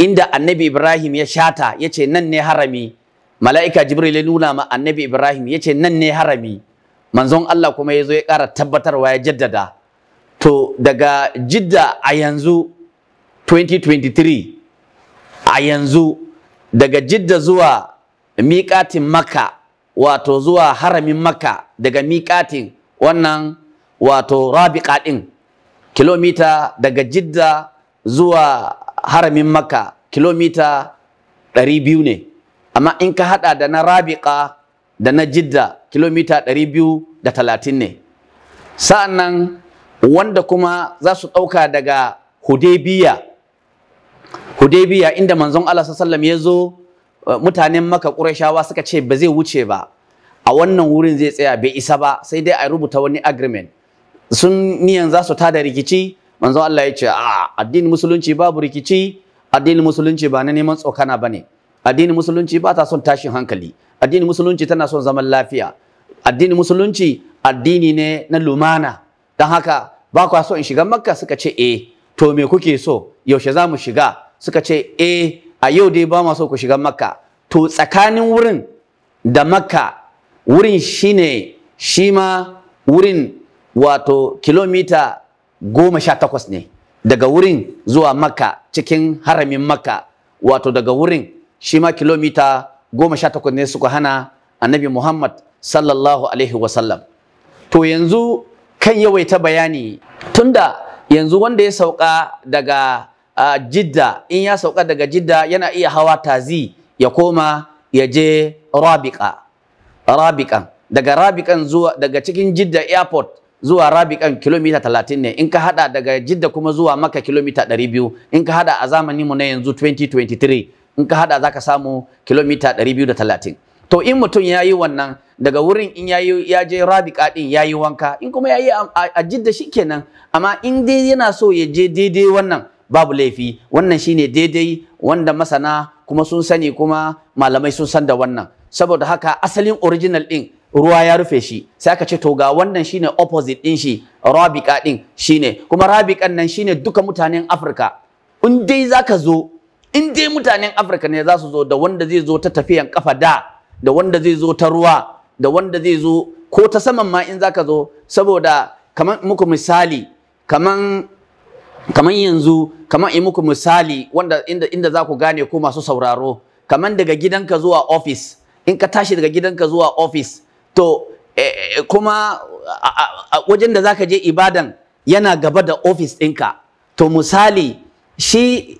inda annabi Ibrahim ya shata ya ce nan ne harami mala'ika Jibril ya nuna ma annabi Ibrahim ya ce nan ne harami manzon Allah kuma ya zo ya ƙara tabbatarwa ya jaddada to daga jidda a yanzu 2023 a yanzu daga jidda zuwa miƙatin maka wato zuwa haramin maka daga miƙatin wannan wato rabiƙa ɗin kilomita daga jidda zuwa haramin maka kilomita 200 ne amma in ka hada da na rabiqa da na jidda kilomita 230 ne sa'annan wanda kuma za su ɗauka daga hudebiya hudebiya inda manzon Allah ya zo eh, mutanen maka ƙurashawa suka ce ba zai wuce ba a wannan wurin zai tsaya bai isa ba sai dai a rubuta wani agreement sun niyan za su tada rikici manzon Allah ya ce a addinin musulunci babu rikici addinin musulunci ba na neman tsokana bane addinin musulunci ba ta son tashin hankali addinin musulunci tana son zaman lafiya addinin musulunci addini ne na lumana don haka ba kwa so in shiga makka suka ce eh to me kuke so yaushe za mu shiga suka ce eh a yau dai ba so ku shiga makka to tsakanin wurin da makka wurin shine shi ma wurin wato kilomita goma sha takwas ne daga wurin zuwa makka cikin haramin makka wato daga wurin shi ma kilomita goma sha takwas ne suka hana annabi muhammad sallallahu alaihi wasallam to yanzu kan yawaita bayani tunda yanzu wanda ya sauka daga uh, jidda in ya sauka daga jidda yana iya hawa tazi ya koma ya je rabika rabikan daga rabikan zuwa daga cikin jidda airport zuwa rabikan kilomita talatin ne in ka hada daga jidda kuma zuwa maka kilomita ɗari biyu in ka hada a zamanin mu na yanzu 2023 in ka hada zaka samu kilomita ɗari da talatin to in mutum ya yi wannan daga wurin in yayi ya je rabika din ya yi wanka in kuma ya yi a jidda shikenan amma in dai yana so ya je daidai wannan babu laifi wannan shine daidai wanda masana kuma sun sani kuma malamai sun san da wannan saboda haka asalin original din ruwa ya rufe shi sai aka ce to ga wannan shine opposite din shi rabika din shine kuma rabikan nan shine duka mutanen Afirka in dai zaka zo in dai mutanen Afirka ne za su zo da wanda zai zo ta tafiyan kafa da da wanda zai zo ta ruwa da wanda zai zo ko ta saman ma in zaka zo saboda kaman muku misali kaman kaman yanzu kaman in muku misali wanda inda inda za ku gane ko masu sauraro kaman daga gidanka zuwa office in ka tashi daga gidanka zuwa office to eh, eh, kuma wajen da zaka je ibadan yana gaba da ofis ɗinka to misali shi